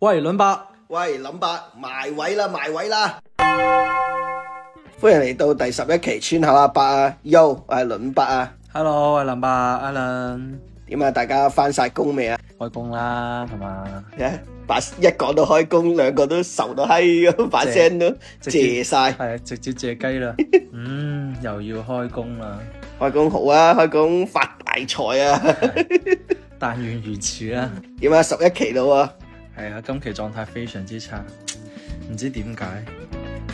喂，倫伯，喂，倫伯，埋位啦，埋位啦！歡迎嚟到第十一期，村口阿伯啊，優啊，我係倫伯啊。Hello，阿林伯，Alan，點啊？大家翻晒工未啊？開工啦，係嘛？誒，把一講到開工，兩個都愁到閪噉，把聲都借晒。係啊，直接借雞啦。嗯，又要開工啦。開工好啊，開工發大財啊！但願如此啊。點啊？十一期到啊！係啊、哎，今期狀態非常之差，唔知點解，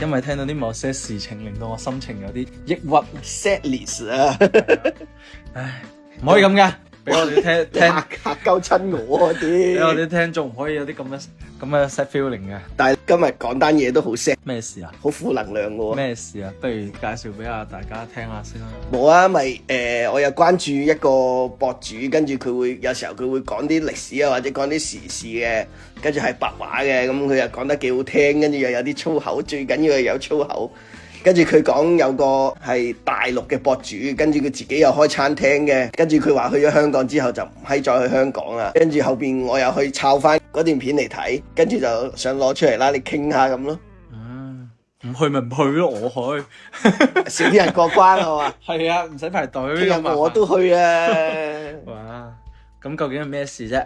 因為聽到啲某些事情令到我心情有啲抑鬱，sadness 啊，唉，唔可以咁㗎。俾我啲聽，吓吓鳩親我啲。俾 我啲聽仲唔可以有啲咁嘅咁嘅 set feeling 嘅。但係今日講單嘢都好 sad。咩事啊？好負能量嘅。咩事啊？不如介紹俾阿大家聽下先啦。冇啊，咪、就、誒、是呃，我又關注一個博主，跟住佢會有時候佢會講啲歷史啊，或者講啲時事嘅，跟住係白話嘅，咁佢又講得幾好聽，跟住又有啲粗口，最緊要係有粗口。跟住佢講有個係大陸嘅博主，跟住佢自己又開餐廳嘅，跟住佢話去咗香港之後就唔係再去香港啦。跟住後邊我又去抄翻嗰段片嚟睇，跟住就想攞出嚟啦。你傾下咁咯。嗯、啊，唔去咪唔去咯，我去少啲 人過關係嘛？係 啊，唔使排隊。我都去啊！哇，咁究竟係咩事啫？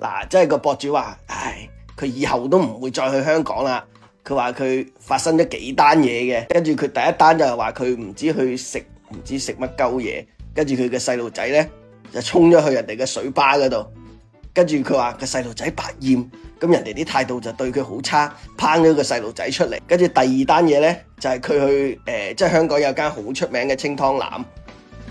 嗱、啊，真係個博主話，唉，佢以後都唔會再去香港啦。佢話佢發生咗幾單嘢嘅，跟住佢第一單就係話佢唔知去食唔知食乜鳩嘢，跟住佢嘅細路仔呢，就衝咗去人哋嘅水吧嗰度，跟住佢話個細路仔百厭，咁人哋啲態度就對佢好差，拚咗個細路仔出嚟。跟住第二單嘢呢，就係佢去誒，即係香港有間好出名嘅清湯腩，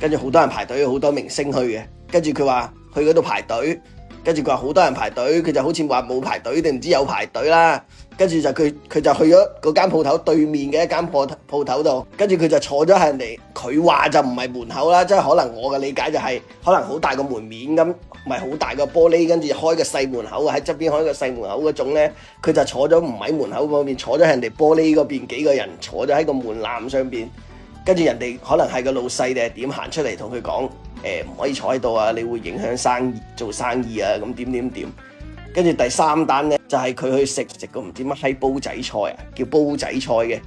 跟住好多人排隊，好多明星去嘅。跟住佢話去嗰度排隊，跟住佢話好多人排隊，佢就好似話冇排隊定唔知有排隊啦。跟住就佢佢就去咗嗰間鋪頭對面嘅一間鋪鋪頭度，跟住佢就坐咗喺人哋，佢話就唔係門口啦，即係可能我嘅理解就係、是、可能好大個門面咁，唔係好大個玻璃，跟住開個細門口喺側邊開個細門口嗰種咧，佢就坐咗唔喺門口嗰邊，坐咗喺人哋玻璃嗰邊幾個人坐咗喺個門檻上邊，跟住人哋可能係個老細定係點行出嚟同佢講，誒、呃、唔可以坐喺度啊，你會影響生意做生意啊，咁點點點。跟住第三單呢，就係、係、佢去食食個唔知乜閪煲仔菜啊，叫煲仔菜嘅。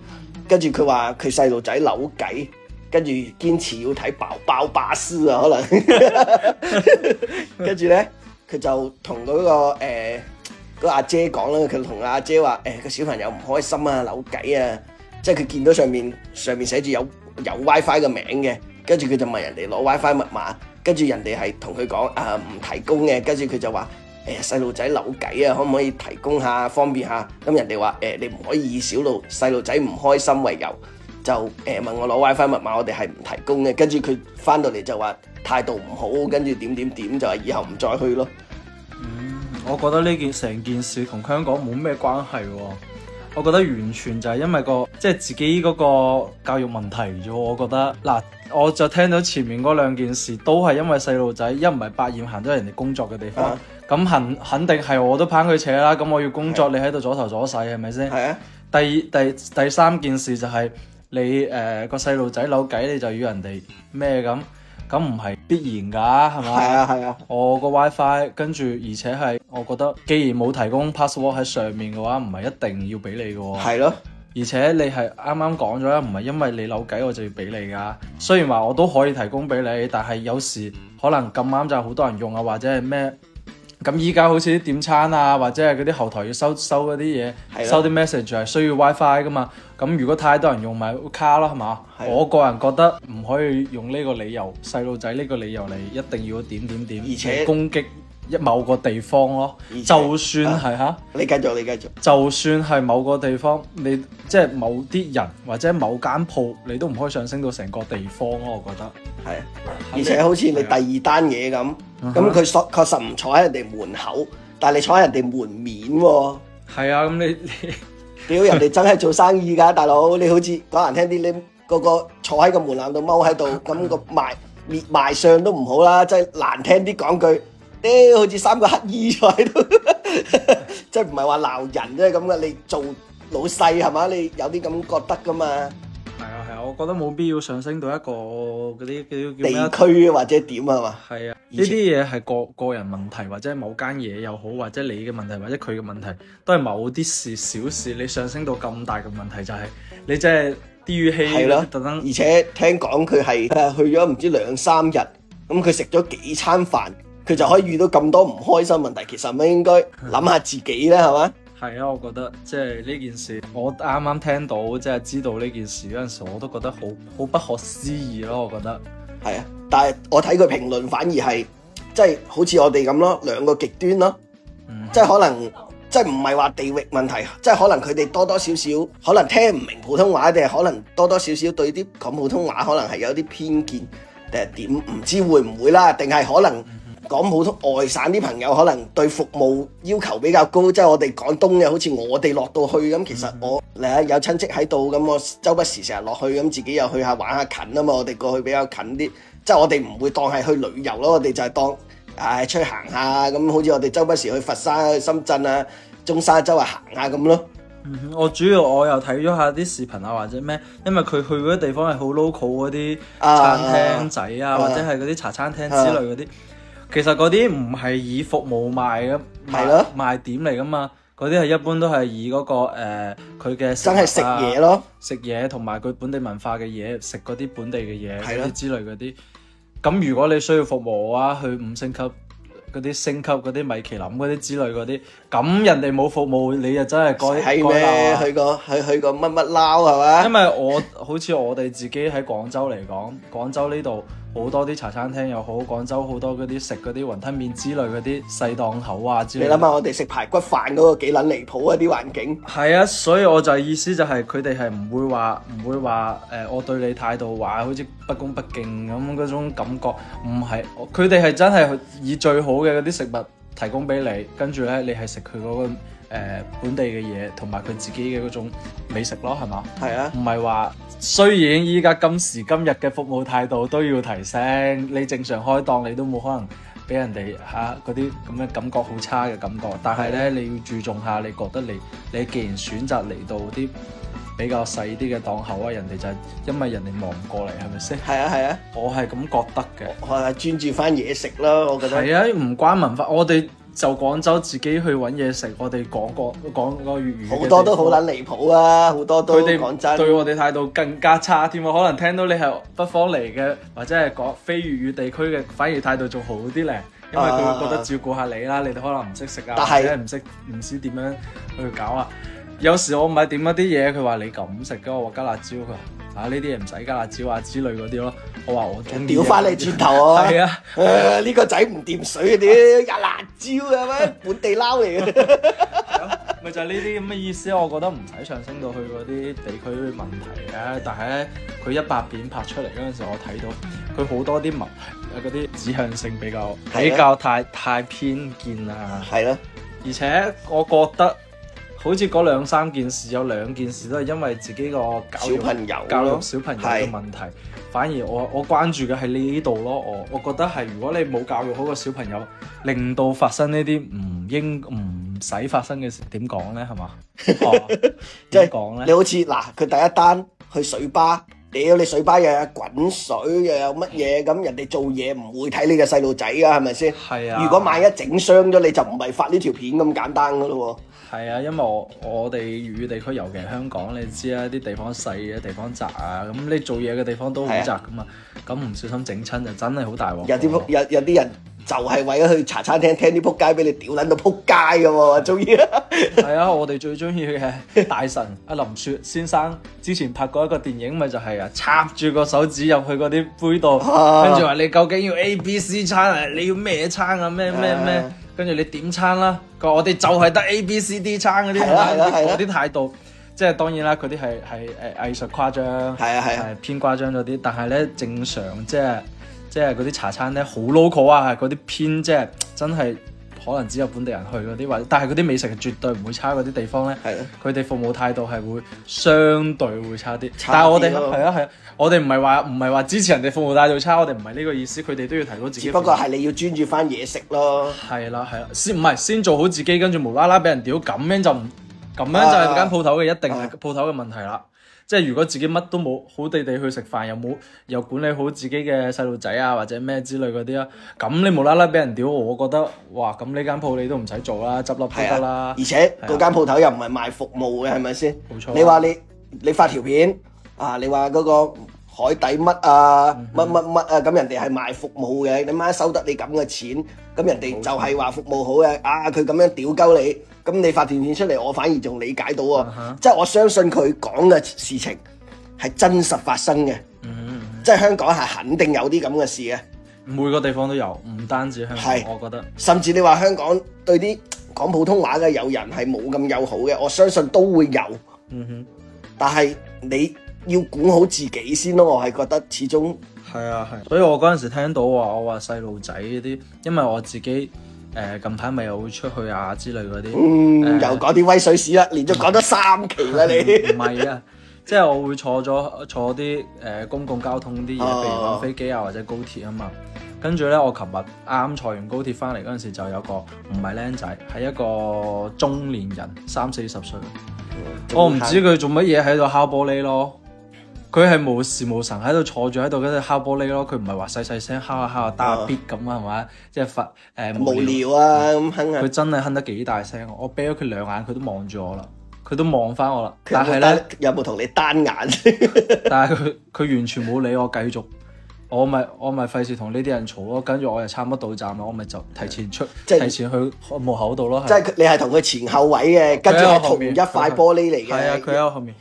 跟住佢話佢細路仔扭計，跟住堅持要睇爆爆巴斯啊，可能。跟住呢，佢就同嗰、嗰個誒阿、呃嗰個、阿姐講啦，佢同阿姐話誒個小朋友唔開心啊，扭計啊，即係佢見到上面上面寫住有有 WiFi 嘅名嘅，跟住佢就問人哋攞 WiFi 密碼，跟住人哋係同佢講啊唔提供嘅，跟住佢就話。誒、哎、細路仔扭計啊，可唔可以提供下方便下？咁人哋話誒，你唔可以以小路細路仔唔開心為由，就誒、哎、問我攞 WiFi 密碼，我哋係唔提供嘅。跟住佢返到嚟就話態度唔好，跟住點點點就係以後唔再去咯。嗯，我覺得呢件成件事同香港冇咩關係喎、哦，我覺得完全就係因為個即係、就是、自己嗰個教育問題啫。我覺得嗱，我就聽到前面嗰兩件事都係因為細路仔一唔係百厭行咗人哋工作嘅地方。Uh huh. 咁肯肯定係我都攀佢扯啦。咁我要工作，你喺度阻頭阻勢，係咪先？係啊。第二、第第三件事就係、是、你誒個細路仔扭計，你就要人哋咩咁咁唔係必然㗎，係嘛？係啊，係啊。我個 WiFi 跟住，而且係我覺得，既然冇提供 password 喺上面嘅話，唔係一定要俾你嘅喎。係咯、啊。而且你係啱啱講咗啦，唔係因為你扭計我就要俾你㗎。雖然話我都可以提供俾你，但係有時可能咁啱就好多人用啊，或者係咩？咁依家好似啲點餐啊，或者係嗰啲後台要收收嗰啲嘢，收啲 message 係需要 WiFi 噶嘛？咁如果太多人用咪會卡咯，係嘛？的我個人覺得唔可以用呢個理由，細路仔呢個理由嚟一定要點點點，而且攻擊。一某個地方咯，且就算係嚇，啊、是你繼續，你繼續。就算係某個地方，你即係某啲人或者某間鋪，你都唔可以上升到成個地方咯。我覺得係啊，而且好似你第二單嘢咁，咁佢確確實唔坐喺人哋門口，嗯、但你坐喺人哋門面喎。係啊，咁、啊、你你屌人哋真係做生意㗎， 大佬你好似講難聽啲，你個個坐喺個門檻度踎喺度，咁 個賣面賣相都唔好啦，即係難聽啲講句。誒，好似三個乞兒在度，即係唔係話鬧人，即係咁嘅。你做老細係嘛？你有啲咁覺得噶嘛？係啊係啊，我覺得冇必要上升到一個嗰啲叫，叫地區或者點啊嘛。係啊，呢啲嘢係個個人問題，或者某間嘢又好，或者你嘅問題，或者佢嘅問題，都係某啲事小事。你上升到咁大嘅問題，就係、係咯、你即係啲語氣特登。而且聽講佢係去咗唔知兩三日，咁佢食咗幾餐飯。佢就可以遇到咁多唔開心問題，其實咪應該諗下自己呢？係嘛？係啊，我覺得即係呢件事，我啱啱聽到即係知道呢件事嗰陣時，我都覺得好好不可思議咯。我覺得係啊，但係我睇佢評論反而係即係好似我哋咁咯，兩個極端咯，嗯、即係可能即係唔係話地域問題，即係可能佢哋多多少少可能聽唔明普通話，定係可能多多少少對啲講普通話可能係有啲偏見，定係點，唔知會唔會啦？定係可能？嗯講普通外省啲朋友可能對服務要求比較高，即係我哋廣東嘅，好似我哋落到去咁，其實我嚟下有親戚喺度咁，我周不時成日落去咁，自己又去下玩下近啊嘛，我哋過去比較近啲，即係我哋唔會當係去旅遊咯，我哋就係當啊出去行下咁，好似我哋周不時去佛山、去深圳啊、中山周圍行下咁咯。我主要我又睇咗下啲視頻啊，或者咩，因為佢去嗰啲地方係好 local 嗰啲餐廳仔啊，uh, uh, uh, uh, 或者係嗰啲茶餐廳之類啲。Uh, uh, uh, uh, 其實嗰啲唔係以服務賣嘅賣的賣點嚟噶嘛，嗰啲係一般都係以嗰、那個誒佢嘅真係食嘢咯，食嘢同埋佢本地文化嘅嘢，食嗰啲本地嘅嘢，係咯的之類嗰啲。咁如果你需要服務嘅話，去五星級嗰啲星級嗰啲米其林嗰啲之類嗰啲，咁人哋冇服務，你又真係該係咩？去個去去個乜乜撈係嘛？因為我 好似我哋自己喺廣州嚟講，廣州呢度。好多啲茶餐廳又好，廣州好多嗰啲食嗰啲雲吞麵之類嗰啲細檔口啊之類。你諗下，我哋食排骨飯嗰個幾撚離譜啊啲環境。係 啊，所以我就意思就係佢哋係唔會話唔會話誒、呃，我對你態度話好似不恭不敬咁嗰種感覺，唔係，佢哋係真係以最好嘅嗰啲食物提供俾你，跟住咧你係食佢嗰個、呃、本地嘅嘢，同埋佢自己嘅嗰種美食咯，係嘛？係啊，唔係話。雖然依家今時今日嘅服務態度都要提升，你正常開檔你都冇可能俾人哋吓嗰啲咁嘅感覺好差嘅感覺，但係咧你要注重下，你覺得你你既然選擇嚟到啲比較細啲嘅檔口啊，人哋就係因為人哋忙唔過嚟，係咪先？係啊係啊，我係咁覺得嘅。我係專注翻嘢食咯，我覺得係啊，唔關文化，我哋。就廣州自己去揾嘢食，我哋講個講個粵語好多都好撚離譜啊！好多都佢哋他們 對我哋態度更加差添喎。可能聽到你係北方嚟嘅，或者係講非粵語地區嘅，反而態度仲好啲呢，因為佢會覺得照顧下你啦。啊、你哋可能唔識食啊，但是或者唔識唔知點樣去搞啊。有時我咪點一啲嘢，佢話你咁食㗎，我加辣椒㗎。啊！呢啲唔使加辣椒啊，之類嗰啲咯。我話我屌翻你轉頭啊！係、呃、啊，呢個仔唔掂水啊，屌，加辣椒啊嘛， 本地撈嚟嘅。咪、 啊、就係呢啲咁嘅意思，我覺得唔使上升到去嗰啲地區問題嘅。但係咧，佢一百片拍出嚟嗰陣時，我睇到佢好多啲問題啊，啲指向性比較比較太太偏見啊。係咯、啊，啊、而且我覺得。好似嗰兩三件事，有兩件事都係因為自己個小朋友教育小朋友嘅問題。是反而我我關注嘅係呢度咯。我我覺得係如果你冇教育好個小朋友，令到發生呢啲唔應唔使發生嘅事，點講咧，係嘛？即、oh, 係、 就是、你好似嗱，佢第一單去水吧，屌你，你水吧又滾水，又有滾水又有乜嘢咁，人哋做嘢唔會睇你個細路仔啊，係咪先？係啊。如果萬一整傷咗，你就唔係發呢條片咁簡單噶咯。係啊，因為我我哋粵語地區，尤其係香港，你知啊，啲地方細啊，地方窄啊，咁你做嘢嘅地方都好窄噶嘛，咁唔、啊、小心整親就真係好大鑊。有啲有有啲人就係為咗去茶餐廳聽啲仆街，俾你屌撚到仆街噶喎、啊，中意。係 啊，我哋最中意嘅大神阿林雪先生，之前拍過一個電影咪就係、是、啊，插住個手指入去嗰啲杯度，跟住話你究竟要 A B C 餐，餐啊，你要咩餐啊，咩咩咩。跟住你點餐啦，我哋就係得 A、B、C、D 餐嗰啲，啊啊啊、態度，即係當然啦，嗰啲係係誒藝術誇張，係啊，啊偏誇張咗啲，但係呢，正常，即係即係嗰啲茶餐咧好 local 啊，嗰啲偏即係真係。可能只有本地人去嗰啲，但係嗰啲美食係絕對唔會差嗰啲地方呢，係咯，佢哋服務態度係會相對會差啲。差點，但係我哋，係啊，係啊，我哋唔係話唔係話支持人哋服務態度差，我哋唔係呢個意思。佢哋都要提高自己。只不過係你要專注返嘢食咯。係啦，係啦，先唔係先做好自己，跟住無啦啦俾人屌，咁樣就唔咁樣就係間鋪頭嘅一定係、啊啊啊、鋪頭嘅問題啦。即係如果自己乜都冇，好地地去食飯又冇，又管理好自己嘅細路仔啊，或者咩之類嗰啲啊，咁你無啦啦俾人屌，我覺得哇，咁呢間鋪你都唔使做啦，執笠都得啦，啊。而且嗰間鋪頭又唔係賣服務嘅，係咪先？冇錯。你話你你發條片啊，你話嗰、嗰個。海底乜啊，乜乜乜啊，咁人哋係賣服務嘅，你媽收得你咁嘅錢，咁人哋就係話服務好嘅，啊佢咁樣屌鳩你，咁你發段片出嚟，我反而仲理解到啊，即係我相信佢講嘅事情係真實發生嘅，即係香港係肯定有啲咁嘅事啊。每個地方都有，唔單止香港，係，我覺得。甚至你話香港對啲講普通話嘅友人係冇咁友好嘅，我相信都會有。嗯哼，但係你。要管好自己先咯，我係覺得始終係啊係、啊，所以我嗰陣時聽到話，我話細路仔嗰啲，因為我自己誒、呃、近排咪又會出去啊之類嗰啲，嗯呃、又講啲威水史啦，不連續講咗三期啦你，唔係啊，即係我會坐咗坐啲誒、呃、公共交通啲嘢，譬、啊、如飛機啊或者高鐵啊嘛，跟住咧我琴日啱坐完高鐵翻嚟嗰陣時，就有個唔係僆仔，係一個中年人，三四十歲，泰我唔知佢做乜嘢喺度敲玻璃咯。佢係無時無神喺度坐住喺度嗰度敲玻璃咯，佢唔係話細細聲敲下敲下打下 beat 咁啊，係嘛？即係發誒、呃、無，無聊啊咁哼。佢、嗯、樣真係哼得幾大聲，我俾咗佢兩眼，佢都望住我啦，佢都望翻我啦。有有但係咧有冇同你單眼？ 但係佢佢完全冇理我，繼續。我咪我咪費事同呢啲人嘈咯，跟住我又差唔多到站啦，我咪就提前出，即係是提前去門口度咯。即係你係同佢前後位嘅，跟住我同一塊玻璃嚟嘅。係啊，佢喺我後面。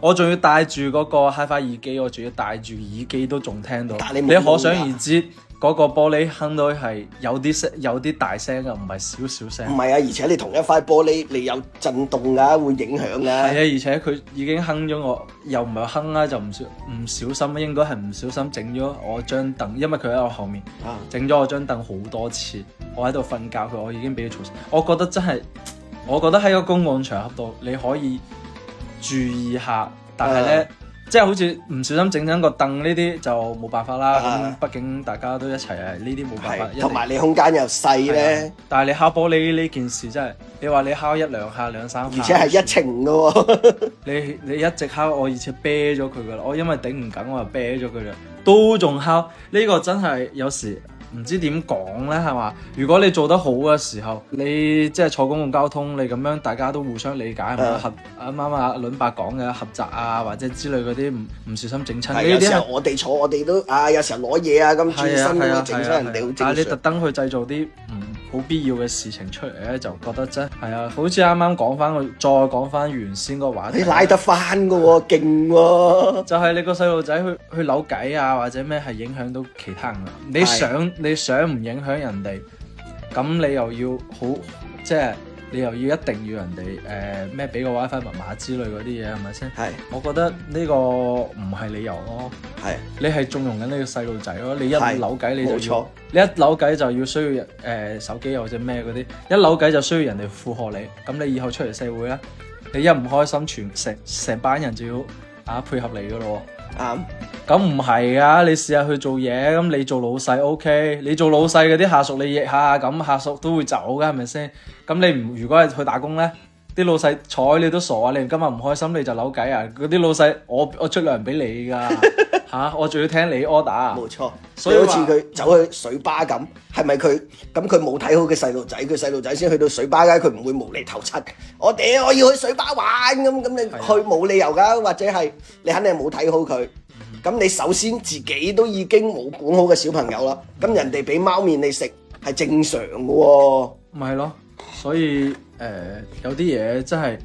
我仲、哦、要戴住嗰個 HiFi 耳機，我仲要戴住耳機都仲聽到。但你，你可想而知。嗰個玻璃哼到係有啲聲，有啲大聲啊，唔係少少聲。唔係啊，而且你同一塊玻璃，你有震動㗎，會影響㗎。係啊，而且佢已經哼咗我，又唔係哼啦，就唔小唔小心，應該係唔小心整咗我張凳，因為佢喺我後面啊，整咗我張凳好多次，我喺度瞓覺，佢我已經俾佢嘈醒。我覺得真係，我覺得喺個公共場合度，你可以注意下，但係咧。啊。即係好似唔小心整親個凳呢啲就冇辦法啦。咁、啊、畢竟大家都一齊，呢啲冇辦法。同埋是直你空間又細咧，但係你敲玻璃呢件事真係，你話你敲一兩下、兩三下，而且係一程㗎喎。 你你一直敲，我而且啤咗佢㗎喇。我因為頂唔緊，我就啤咗佢啦，都仲敲。呢、呢個真係有時。唔知點講咧，係嘛？如果你做得好嘅時候，你即係坐公共交通，你咁樣大家都互相理解，係咪？係啊、合啱啱阿倫伯講嘅合集啊，或者之類嗰啲唔唔小心整親。啊、些有時候我哋坐，我哋都啊，有時候攞嘢啊，咁注意唔到整親人哋。啊！你特登去製造啲唔？嗯好必要嘅事情出嚟咧，就覺得真係啊！好似啱啱講翻個，再講翻原先個話題，你、欸、拉得翻噶喎、啊，勁喎、啊！就係你個細路仔去去扭計啊，或者咩係影響到其他人啦。你想是你想唔影響人哋，咁你又要好即係。你又要一定要人哋誒、呃、咩俾個 WiFi 密碼之類嗰啲嘢係咪先？係，是我覺得呢個唔係理由咯、哦。係是，你係縱容緊呢個細路仔咯。你一扭計你就冇錯，你一扭計就要需要人誒、呃、手機又或者咩嗰啲，一扭計就需要人哋附和你。咁你以後出嚟社會咧，你一唔開心，全成成班人就要啊配合你噶咯。啊，咁唔係噶，你試下去做嘢，咁你做老細，OK，你做老細嗰啲下屬你逆下，咁下屬都會走噶，係咪先？咁你唔如果係去打工咧，啲老細睬你都傻啊！你今日唔開心，你就扭計 啊！嗰啲老細，我我出糧俾你噶吓，我仲要聽你 order。冇錯錯，所以好似佢走去水吧咁，係咪佢咁佢冇睇好嘅細路仔，佢細路仔先去到水吧街，佢唔會無厘頭七。我屌，我要去水吧玩咁咁你去冇理由噶，或者係你肯定冇睇好佢。咁你首先自己都已經冇管好嘅小朋友啦，咁人哋俾貓面你食係正常噶喎，哦。咪係咯，所以。誒，uh, 有啲嘢真係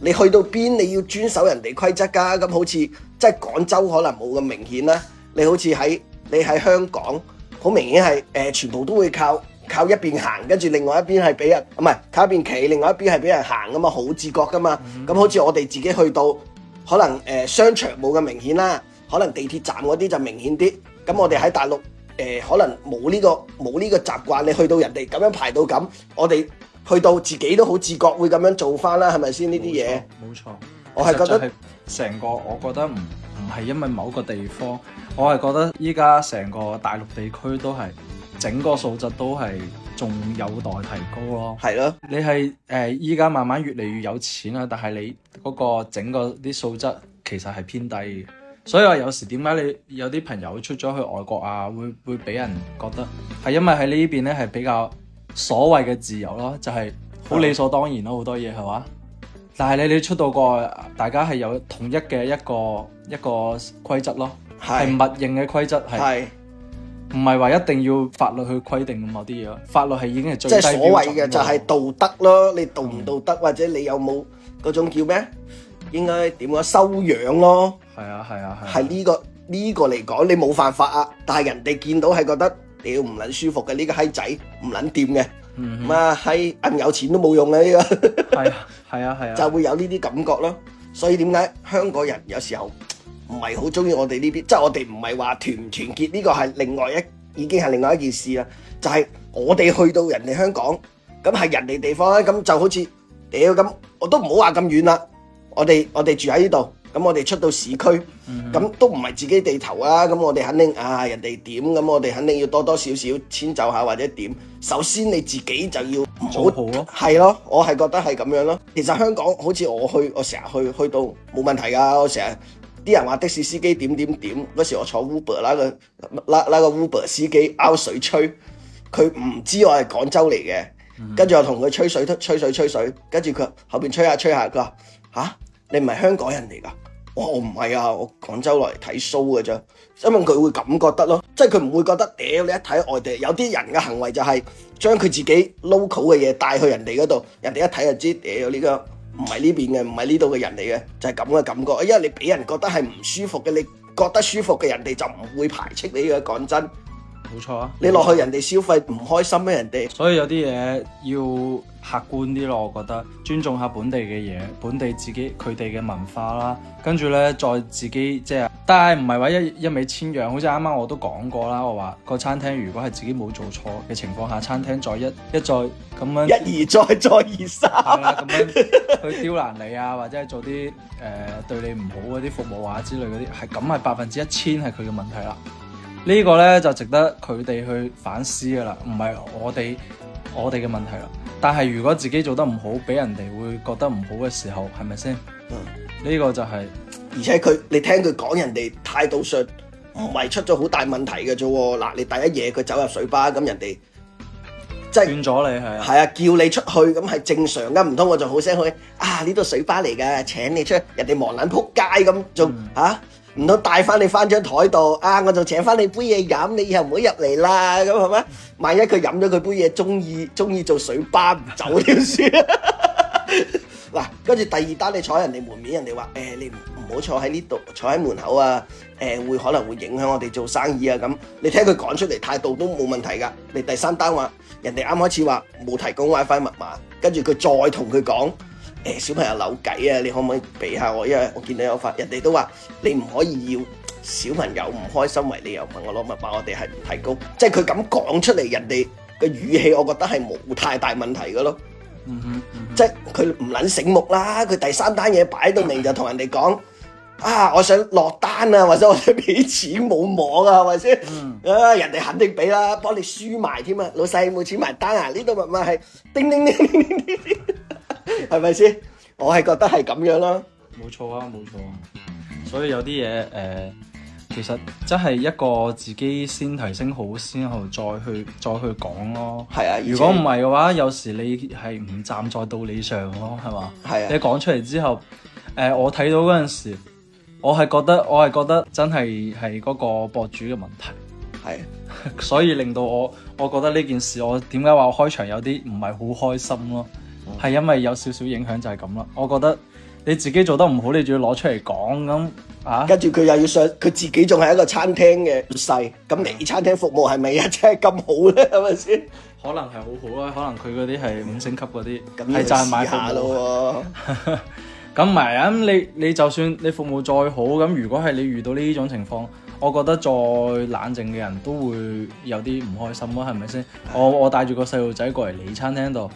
你去到邊，你要遵守人哋規則噶。咁好似即係廣州可能冇咁明顯啦。你好似喺你喺香港，好明顯係誒，全部都會靠靠一邊行，跟住另外一邊係俾人唔係靠一邊企，另外一邊係俾人行噶嘛，mm hmm. 好自覺噶嘛。咁好似我哋自己去到，可能誒、呃、商場冇咁明顯啦，可能地鐵站嗰啲就明顯啲。咁我哋喺大陸誒、呃，可能冇呢、呢個冇呢個習慣。你去到人哋咁樣排到咁，我哋。去到自己都好自覺會咁樣做翻啦，係咪先呢啲嘢？冇錯，我係覺得成個我覺得唔唔係因為某個地方，我係覺得依家成個大陸地區都係整個素質都係仲有待提高咯。係咯是的，你係誒依家慢慢越嚟越有錢啦，但係你嗰個整個啲素質其實係偏低嘅，所以話有時點解你有啲朋友出咗去外國啊，會會俾人覺得係因為喺呢邊咧係比較。所謂嘅自由咯，就係、是、好理所當然咯，好、嗯、多嘢係嘛？但係你你出到過，大家係有統一嘅一個一個規則咯，係默認嘅規則係，唔係話一定要法律去規定某啲嘢咯。法律係已經係最低標準，所謂嘅就係道德咯。你道唔道德，嗯、或者你有冇嗰種叫咩？應該點講？修養咯，係啊係啊係，係呢、啊啊這個呢、這個嚟講，你冇犯法啊，但係人哋見到係覺得。屌唔撚舒服嘅呢個閪仔唔撚掂嘅，咁啊閪，咁有錢都冇用啦呢個，係啊係啊係啊，就會有呢啲感覺咯。所以點解香港人有時候唔係好中意我哋呢啲？即係我哋唔係話團唔團結，呢個係另外一，已經係另外一件事啦。就係我哋去到人哋香港，咁係人哋地方咧，咁就好似屌咁，我都唔好話咁遠啦。我哋我哋住喺呢度。咁我哋出到市區，咁、mm hmm. 都唔係自己地頭啊！咁我哋肯定啊，人哋點咁我哋肯定要多多少少遷就下或者點。首先你自己就要，要做好咯，係咯，我係覺得係咁樣咯。其實香港好似我去，我成日去去到冇問題噶。我成日啲人話的士司機點點點，嗰時我坐 Uber 啦，個拉拉個，個 Uber 司機拗水吹，佢唔知我係廣州嚟嘅，跟住我同佢吹水吹水吹水，跟住佢後邊吹下吹下，佢話吓？你唔係香港人嚟㗎？我唔係啊，我廣州落嚟睇 show 嘅啫，因為佢會咁覺得咯，即係佢唔會覺得屌你一睇外地有啲人嘅行為就係將佢自己 local 嘅嘢帶去人哋嗰度，人哋一睇就知屌呢個唔係呢邊嘅，唔係呢度嘅人嚟嘅，就係咁嘅感覺。因為你俾人覺得係唔舒服嘅，你覺得舒服嘅人哋就唔會排斥你嘅，講真。冇錯啊！你落去人哋消費唔開心咩、啊？人哋家所以有啲嘢要客觀啲咯，我覺得尊重下本地嘅嘢，本地自己佢哋嘅文化啦，跟住咧再自己即係，但係唔係話一一味千樣，好似啱啱我都講過啦，我話、那個餐廳如果係自己冇做錯嘅情況下，餐廳再一一再咁樣一而再再而三咁、 啊、樣去刁難你啊，或者係做啲誒、呃、對你唔好嗰啲服務啊之類嗰啲，係咁係百分之一千係佢嘅問題啦。呢個呢，就值得佢哋去反思噶啦，唔係我哋我哋嘅問題啦。但係如果自己做得唔好，俾人哋會覺得唔好嘅時候，係咪先？嗯，呢個就係、是、而且佢，你聽佢講人哋態度上唔係出咗好大問題嘅啫喎。嗱、嗯，你第一夜佢走入水吧，咁人哋即係斷咗你係啊，叫你出去咁係正常噶，唔通我就好聲去啊？呢度水吧嚟嘅，請你出去，人哋忙撚仆街咁仲嚇。唔通帶翻你翻張台度啊！我就請翻你杯嘢飲，你以後唔好入嚟啦，咁係嘛？萬一佢飲咗佢杯嘢，中意中意做水巴唔走點算？嗱，跟 住第二單你坐喺人哋門面，人哋話誒，你唔唔好坐喺呢度，坐喺門口啊，誒、欸、會可能會影響我哋做生意啊咁。你聽佢講出嚟態度都冇問題噶。你第三單話人哋啱開始話冇提供 WiFi 密碼，跟住佢再同佢講。誒小朋友扭計啊！你可唔可以俾下我？因為我見到有發，人哋都話你唔可以要小朋友唔開心為理由問我攞密碼。我哋係唔提高，即係佢咁講出嚟，人哋嘅語氣，我覺得係冇太大問題嘅咯。嗯哼，即係佢唔撚醒目啦，佢第三單嘢擺到明就同人哋講啊，我想落單啊，或者我俾錢冇網啊，或者，嗯啊，人哋肯定俾啦，幫你輸埋添啊，老細冇錢埋單啊，呢度密碼係叮叮叮叮叮。係咪先？我係覺得係咁樣咯，冇錯啊，冇錯、啊。所以有啲嘢，誒，其實真係一個自己先提升好，先後再去再去講咯。係啊，如果唔係嘅話，就是、有時你係唔站在道理上咯，係嘛？係、啊。你講出嚟之後，誒、呃，我睇到嗰陣時，我係覺得，我係覺得真係係嗰個博主嘅問題。係、啊， 所以令到我，我覺得呢件事，我點解話我開場有啲唔係好開心咯？係因為有少少影響就係咁啦，我覺得你自己做得唔好，你仲要攞出嚟講咁啊？跟住佢又要上，佢自己仲係一個餐廳嘅老細，咁你餐廳服務係咪、啊、真係咁好咧？係咪先？可能係好好咯，可能佢嗰啲係五星級嗰啲，係賺、嗯、買服務咯。咁唔係啊？咁 你你就算你服務再好，咁如果係你遇到呢種情況，我覺得再冷靜嘅人都會有啲唔開心咯，係咪先？我我帶住個細路仔過嚟你餐廳度。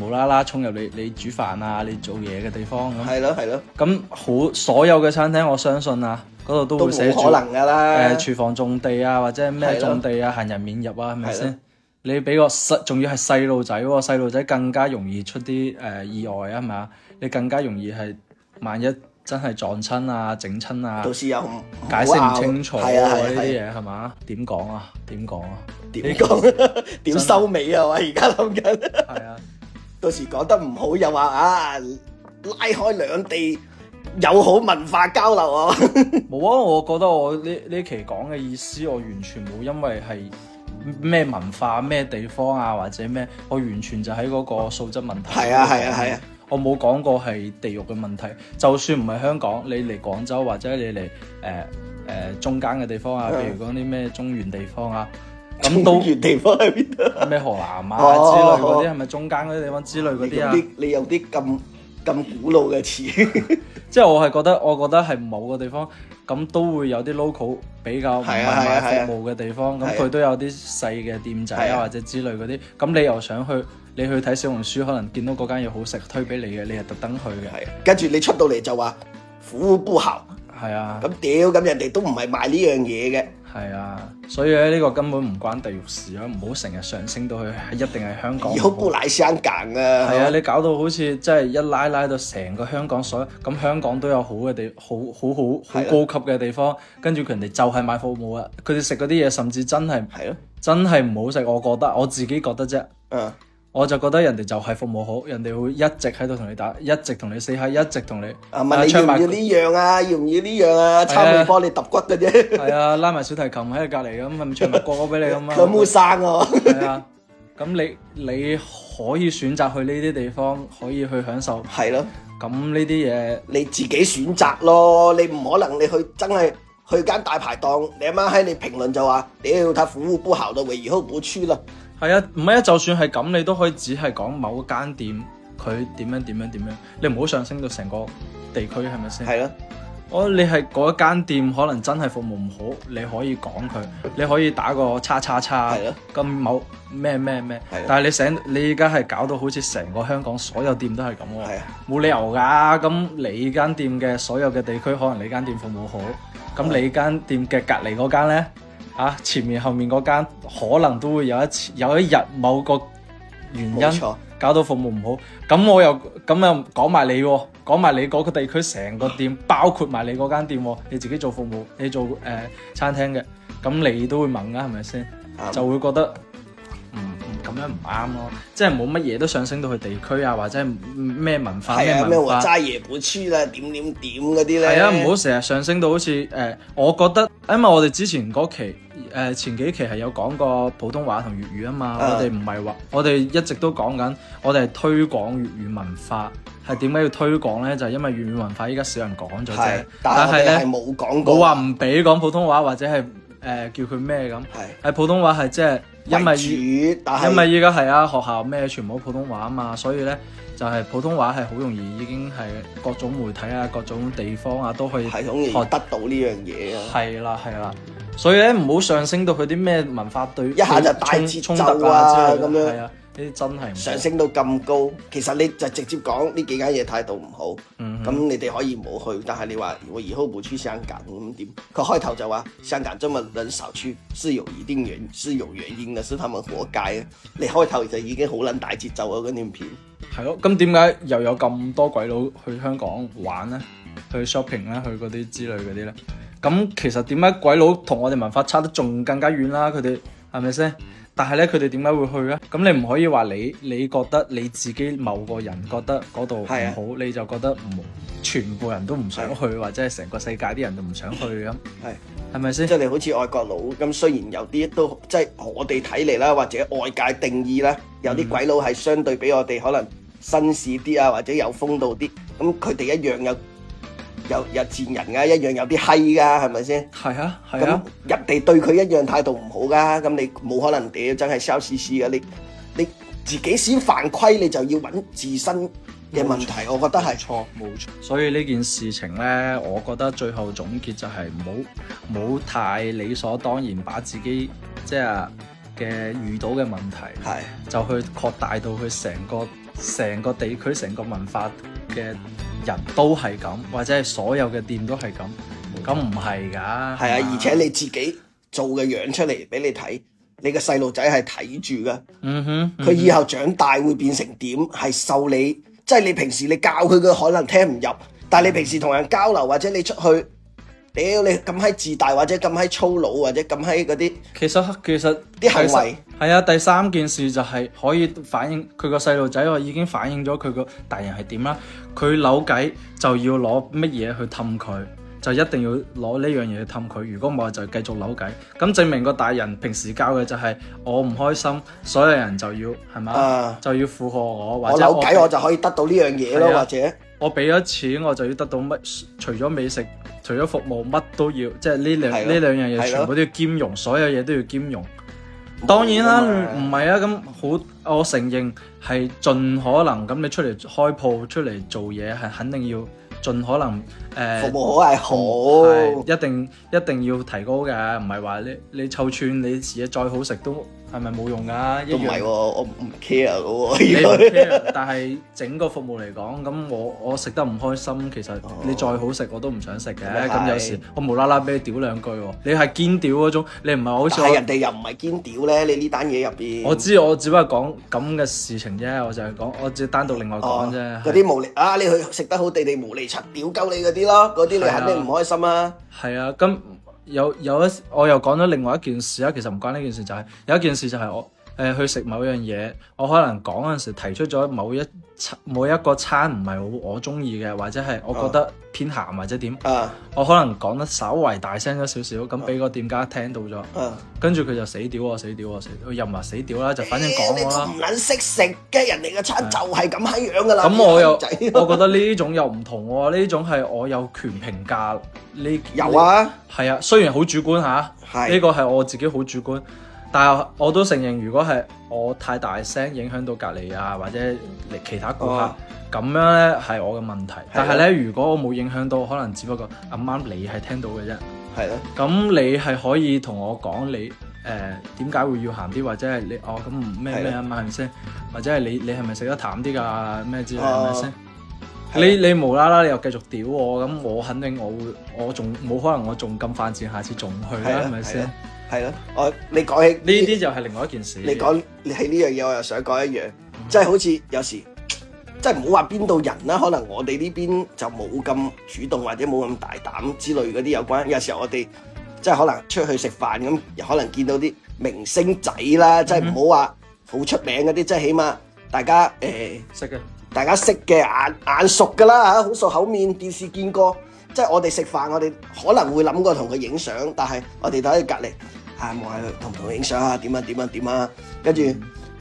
無啦啦衝入你你煮飯啊，你做嘢嘅地方咁。係咯係咯。咁好，所有嘅餐廳我相信啊，嗰度都會寫住。都冇可能噶啦。誒，廚房種地啊，或者咩種地啊，行人免入啊，係咪先？你俾個細，仲要係細路仔，細路仔更加容易出啲誒意外啊，係嘛？你更加容易係萬一真係撞親啊，整親啊，到時又解釋唔清楚呢啲嘢係嘛？點講啊？點講啊？你講點收尾啊？我而家諗緊。係啊。到時講得唔好又話啊，拉開兩地友好文化交流哦。冇啊，我覺得我呢呢期講嘅意思，我完全冇因為係咩文化咩地方啊，或者咩，我完全就喺嗰個素質問題。係啊係啊係啊，我冇講過係地域嘅問題。就算唔係香港，你嚟廣州或者你嚟誒誒中間嘅地方啊，譬如講啲咩中原地方啊。咁中原地方喺邊度？咩河南啊之類啲，係咪、哦、中間嗰啲地方之類嗰啲啊，啊？你有啲咁咁古老嘅詞，即 係 我係覺得，我覺得係冇嘅地方咁都會有啲 local 比較唔係賣服務嘅地方，咁佢、啊啊啊、都有啲細嘅店仔啊，或者之類嗰啲。咁、啊、你又想去，你去睇小紅書，可能見到嗰間嘢好食，推俾你嘅，你係特登去嘅，係、啊。跟住你出到嚟就話苦，苦不鹹，係啊，咁屌、嗯，咁人哋都唔係賣呢樣嘢嘅。係啊，所以咧呢個根本唔關地獄事啊！唔好成日上升到去，一定係香港。以後不來香港啊！係啊，啊，你搞到好似真係一拉拉到成個香港水，咁香港都有好嘅地，好好好好高級嘅地方。跟住佢哋就係買服務啊！佢哋食嗰啲嘢，甚至真係，係咯、啊，真係唔好食。我覺得，我自己覺得啫。嗯。我就覺得人哋就係服務好，人哋會一直喺度同你打，一直同你死下，一直同你。啊，問你要唔要呢樣啊？要唔要呢樣啊？參與幫你揼骨嘅啫。係啊，拉埋小提琴喺度隔籬咁，咪唱埋歌俾你咁啊。咁好生喎。係啊，咁你你可以選擇去呢啲地方，可以去享受。係咯、啊。咁呢啲嘢你自己選擇咯，你唔可能你去真係去間大排檔，你阿媽喺你評論就話屌，他服務不好，我以後不去了。係啊，唔係啊，就算係咁，你都可以只係講某間店佢點樣點樣點樣，你唔好上升到成個地區係咪先？係咯，啊、哦，你係嗰間店可能真係服務唔好，你可以講佢，你可以打個叉叉叉，叉，咁、啊嗯、某咩咩咩，啊、但係你想你而家係搞到好似成個香港所有店都係咁喎，冇、啊、理由噶，咁你間店嘅所有嘅地區可能你間店服務好，咁你間店嘅隔籬嗰間咧？嚇、啊、前面後面嗰間可能都會有一次，有一日某個原因冇錯，搞到服務唔好，咁我又咁又講埋你、哦，講埋你嗰個地區成個店，啊、包括埋你嗰間店、哦，你自己做服務，你做誒、呃、餐廳嘅，咁你都會問啊，係咪先？嗯、就會覺得唔咁、嗯嗯、樣唔啱咯，即係冇乜嘢都上升到去地區啊，或者咩文化咩文化，嘢本、啊、不輸啦，點點點嗰啲咧，係啊，唔好成日上升到好似誒、呃，我覺得，因為我哋之前嗰期。誒前幾期係有講過普通話同粵語啊嘛，嗯、我哋唔係話，我哋一直都講緊，我哋係推廣粵語文化，係點解要推廣呢？就係、是、因為粵語文化依家少人講咗啫，但係咧冇講過，冇話唔俾講普通話或者係誒、呃、叫佢咩咁，係是普通話係即係因為粵，為但因為依家係啊學校咩全部都普通話啊嘛，所以呢，就係普通話係好容易已經係各種媒體啊、各種地方啊都可以學得到呢樣嘢啊，係啦係啦。所以咧唔好上升到佢啲咩文化對一下就大節奏啊咁、啊、樣，係啊呢啲真係上升到咁高，其實你就直接講呢幾間嘢態度唔好，咁、嗯、哼你哋可以唔好去，但係你話我以後唔去香港咁點？佢開頭就話香港中日兩手輸是有一定原是有原因嘅，是他們活該、啊。你開頭就已經好撚大節奏啊嗰段片。係咯、哦，咁點解又有咁多鬼佬去香港玩咧？去 shopping 咧？去嗰啲之類嗰啲咧？咁其實點解鬼佬同我哋文化差得仲更加遠啦、啊？佢哋係咪先？但係咧，佢哋點解會去咧？咁你唔可以話你，你覺得你自己某個人覺得嗰度唔好，的你就覺得全部人都唔想去，的或者係成個世界啲人都唔想去咁？係係咪先？即係吧好似外國佬咁，雖然有啲都即係、就是、我哋睇嚟啦，或者外界定義啦，有啲鬼佬係相對比我哋可能紳士啲啊，或者有風度啲，咁佢哋一樣有。有有賤人噶，一樣有啲閪噶，係咪先？係啊，係啊。人哋對佢一樣態度唔好噶，咁你冇可能屌真係 show 試試啊！你你自己先犯規，你就要揾自身嘅問題，錯我覺得係錯，冇錯。錯所以呢件事情咧，我覺得最後總結就係冇冇太理所當然把自己即係嘅遇到嘅問題，係、啊、就去擴大到佢成個成個地區成個文化嘅。人都係咁，或者係所有嘅店都係咁，咁唔係㗎。係啊，而且你自己做嘅樣出嚟俾你睇，你個細路仔係睇住㗎。嗯哼，佢以後長大會變成點？係受你，即係你平時你教佢佢可能聽唔入，但係你平時同人交流或者你出去。屌你咁閪自大或者咁閪粗魯或者咁閪嗰啲，其實其實啲行為係啊，第三件事就係可以反映佢個細路仔喎，我已經反映咗佢個大人係點啦。佢扭計就要攞乜嘢去氹佢，就一定要攞呢樣嘢去氹佢。如果冇，就繼續扭計，咁證明個大人平時教嘅就係、是、我唔開心，所有人就要係嘛，uh, 就要附和我。或者我扭計我就可以得到呢樣嘢咯，的或者。我俾咗錢我就要得到乜？除咗美食，除咗服務，乜都要，即係呢的兩呢兩樣嘢全部都要兼容，的所有嘢都要兼容。當然啦，唔係、嗯、啊，咁好，我承認係盡可能。咁你出嚟開鋪，出嚟做嘢係肯定要盡可能。誒，欸、服務好係好、嗯，一定一定要提高嘅，唔係話你你湊串你，你食嘢再好食都係咪冇用噶？唔係喎，我唔 care 但係整個服務嚟講，咁我我食得唔開心，其實你再好食我都唔想食嘅，咁、哦嗯、有時我無啦啦俾你屌兩句，你係堅屌嗰種，你唔係好似我，人哋又唔係堅屌咧，你呢單嘢入邊，我知我只不過講咁嘅事情啫，我就係講我只單獨另外講啫，嗰啲、哦、無厘，啊你去食得好地地無厘，出屌鳩你嗰啲。咯，嗰啲你肯定唔開心啊。係啊，咁、啊、有有一，我又講咗另外一件事啊。其實唔關呢件事，就係、是、有一件事就係我。誒，去食某樣嘢，我可能講嗰陣時提出咗某一餐，某一個餐唔係我我中意嘅，或者係我覺得偏鹹或者點，啊、我可能講得稍為大聲咗少少，咁俾個店家聽到咗，跟住佢就死屌，我，死屌，我，死又唔係死屌啦，就反正講我唔捻識食嘅人哋嘅餐就係咁閪樣噶啦。咁對我又，啊、我覺得呢種又唔同喎，呢種係我有權評價呢。你有啊，係啊，雖然好主觀吓，呢、啊、是個係我自己好主觀。但係我都承認，如果係我太大聲影響到隔籬啊，或者嚟其他顧客咁樣咧係我嘅問題。但係咧，如果我冇影響到，可能只不過啱啱你係聽到嘅啫。係咯。咁你係可以同我講你誒點解會要鹹啲，或者係你哦咁咩咩啊嘛，係咪先？或者係你你係咪食得淡啲㗎？咩之類係咪先？你你無啦啦你又繼續屌我，咁我肯定我會我仲冇可能我仲咁犯賤，下次仲去啦係咪先？係咯，我你講起呢啲就係另外一件事。你講你喺呢樣嘢，我又想講一樣，即係好似有時，即係唔好話邊度人啦。可能我哋呢邊就冇咁主動或者冇咁大膽之類嗰啲有關。有時候我哋即係可能出去食飯咁，可能見到啲明星仔啦，即係唔好話好出名嗰啲，即係起碼大家誒識嘅，大家識嘅眼眼熟噶啦吓，好熟口面，電視見過。即係我哋食飯，我哋可能會諗過同佢影相，但係我哋都喺隔籬。啊，望下佢同唔同佢影相啊？點啊？點啊？點啊？跟住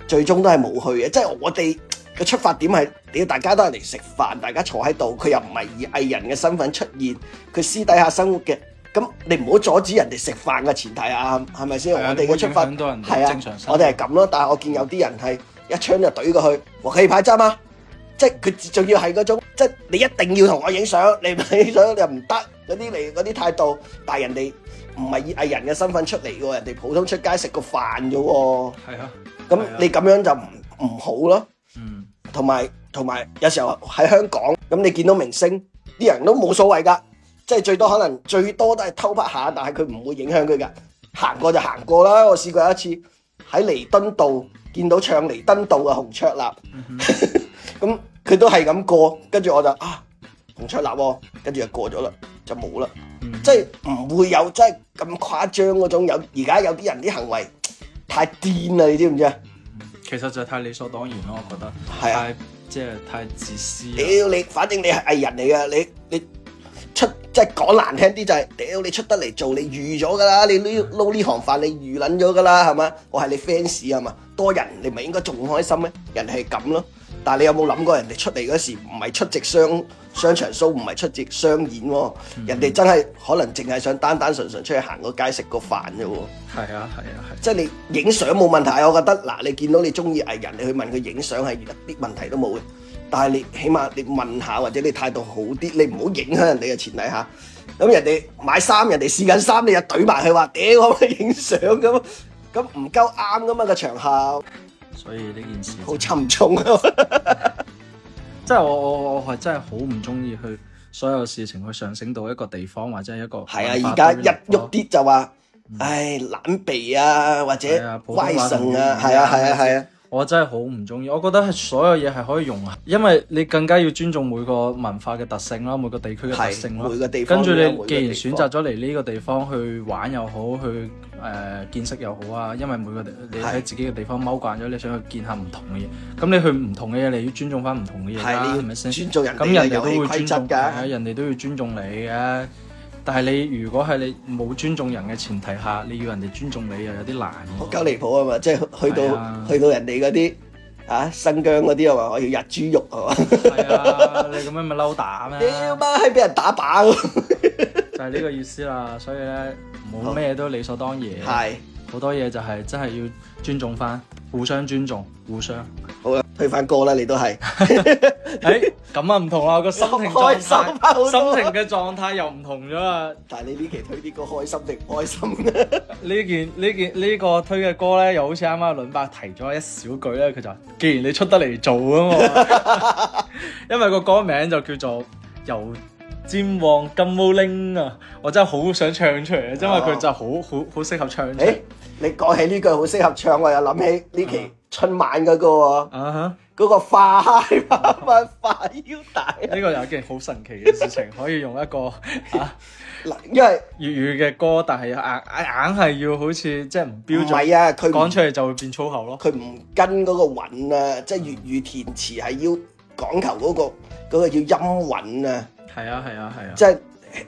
最終都係冇去嘅。即係我哋嘅出發點係你要大家都嚟食飯，大家坐喺度，佢又唔係以藝人嘅身份出現，佢私底下生活嘅。咁你唔好阻止人哋食飯嘅前提啊，係咪先？我哋嘅出發係啊，正常，我哋係咁囉。但係我見有啲人係一槍就懟過去，話佢派針啊！即係佢仲要係嗰種，即係你一定要同我影相，你唔影相你又唔得嗰啲嚟嗰啲態度，但係人哋唔係以藝人嘅身份出嚟喎，人哋普通出街食個飯啫喎。係啊，咁你咁樣就唔唔好咯。嗯，同埋同埋有時候喺香港，咁你見到明星啲人都冇所謂㗎，即係最多可能最多都係偷拍下，但係佢唔會影響佢㗎。行過就行過啦。我試過有一次喺彌敦道見到唱彌敦道嘅洪卓立，咁佢、嗯、哼 都係咁過，跟住我就啊。唔出力，啊，跟住就過咗啦，就冇啦，mm hmm.，即係唔會有即係咁誇張嗰種有。有而家有啲人啲行為太癲啦，你知唔知啊？其實就太理所當然咯，我覺得。係啊，即係太自私。屌你，你，反正你係藝人嚟噶，你你出即係講難聽啲就係、是、屌你，你出得嚟做你預咗噶啦，你撈撈呢行飯你預撚咗噶啦，係咪我係你 fans 啊嘛，多人你咪應該仲開心咩？人係咁咯。但係你有冇諗過人哋出嚟嗰時，唔係出席商商場 show，唔係出席商演喎、啊？Mm hmm. 人哋真係可能淨係想單單純純出去行個街食個飯啫喎。係啊，係啊、mm，係、hmm.。即係你影相冇問題，我覺得嗱，你見到你中意藝人，你去問佢影相係一啲問題都冇嘅。但係你起碼你問下或者你態度好啲，你唔好影響人哋嘅前提下。咁人哋買衫，人哋試緊衫，你又懟埋佢話屌可唔可以影相咁？咁唔夠啱噶嘛個場合。所以呢件事好沉重啊。 真，即係我我我係真係好唔中意去所有事情去上升到一個地方或者一個係啊，而家一喐啲就話，嗯、唉懶鼻啊或者歪神啊，係啊係啊係啊。我真係好唔中意，我覺得係所有嘢係可以用啊，因為你更加要尊重每個文化嘅特性啦，每個地區嘅特性咯。跟住你既然選擇咗嚟呢個地方去玩又好，去誒、呃、見識又好啊，因為每個地你喺自己嘅地方踎慣咗，是你想去見下唔同嘅嘢。咁你去唔同嘅嘢你要尊重翻唔同嘅嘢啦，係咪先是？是是尊重人哋遊戲規則㗎，係人哋都要尊重你嘅。但係你如果係你冇尊重人嘅前提下，你要人哋尊重你又有啲難。好夠離譜啊嘛，即係去到、啊、去到人哋嗰啲啊新疆嗰啲啊嘛，我要日豬肉係係啊， 你咁樣咪嬲打咩？屌媽閪，俾人打靶。 就係呢個意思啦，所以咧冇咩都理所當然。係好多嘢就係真係要尊重翻。互相尊重，互相好啊！推翻歌啦，你都係 、欸，誒，咁啊唔同啦，個心情狀態，心情嘅狀態又唔同咗啦。但係你呢期推啲歌開心定唔開心呢 件呢件呢個推嘅歌咧，又好似啱啱倫伯提咗一小句咧，佢就既然你出得嚟做啊嘛， 因為個歌名就叫做《油尖旺金毛鈴》啊，我真係好想唱出嚟因為佢就好好好適合唱,唱。欸你講起呢句好適合唱，我又諗起呢期春晚嗰個喎。啊嗰、uh huh. 個化開萬萬腰帶。呢 個又係件好神奇嘅事情，可以用一個啊，嗱，因為粵語嘅歌，但係硬硬係要好似即係唔標準。唔係啊，佢講出嚟就會變粗口咯。佢唔跟嗰個韻啊，即係粵語填詞係要講求嗰、嗰個嗰、嗰個要音韻啊。係啊係啊係啊，啊啊啊即係誒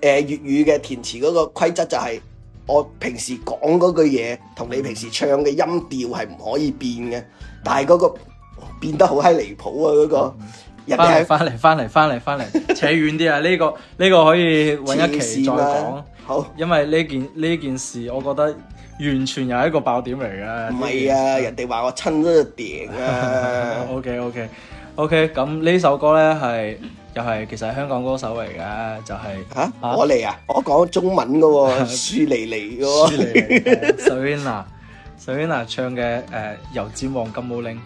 粵語嘅填詞嗰個規則就係、係。我平時講嗰句嘢，同你平時唱嘅音調係唔可以變嘅，但係嗰個變得好閪離譜啊！嗰、嗰個翻嚟翻嚟翻嚟翻嚟翻嚟，扯遠啲啊！呢、 呢個呢、呢個可以揾一期再講，啊，好，因為呢件呢件事，我覺得完全又係一個爆點嚟嘅。唔係啊，人哋話我親呢個碟啊。 OK OK OK，咁呢首歌呢係。又係，其實係香港歌手嚟嘅，就係吓我嚟啊！我講中文噶，舒妮嚟噶。Serrini，Serrini 唱嘅誒《油尖旺金毛鈴》，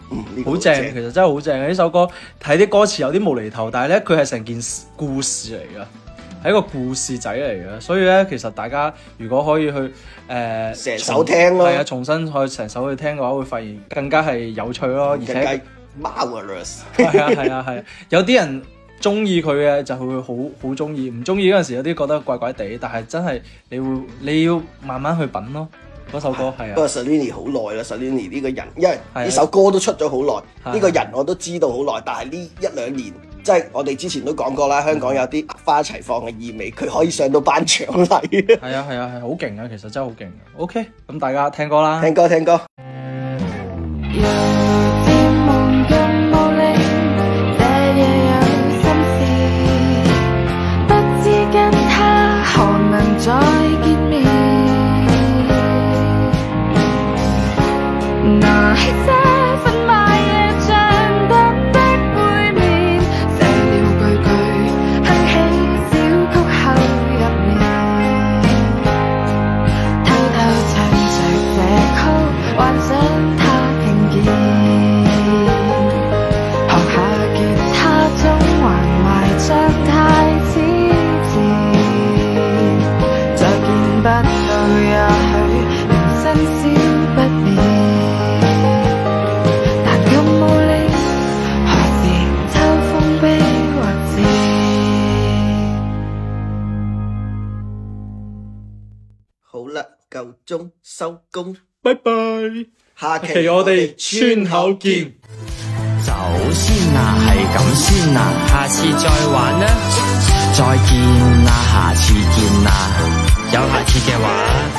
好正，其實真係好正嘅呢首歌。睇啲歌詞有啲無厘頭，但係咧佢係成件故事嚟嘅，係一個故事仔嚟嘅。所以咧，其實大家如果可以去誒成首聽咯，係啊，重新去成首去聽嘅話，會發現更加係有趣咯。而且，marvelous 係啊係啊係，有啲人中意佢嘅就佢會好好中意，唔中意嗰陣時有啲覺得怪怪地，但係真係你會你要慢慢去品咯，嗰首歌係啊。不過 Serrini 好耐啦 Serrini 呢個人，因為呢首歌都出咗好耐，呢、啊、個人我都知道好耐，但係呢一兩年、啊、即係我哋之前都講過啦，香港有啲百花齊放嘅意味，佢可以上到頒獎禮。係 啊係啊係，好勁啊，啊其實真係好勁。O K，咁大家聽歌啦，聽歌聽歌。聽歌聽歌拜拜，bye bye. 下期 okay, 我哋村口見。走先啊，係咁先啦、啊，下次再玩啦、啊，再見啦、啊，下次見啦、啊，有下次嘅話。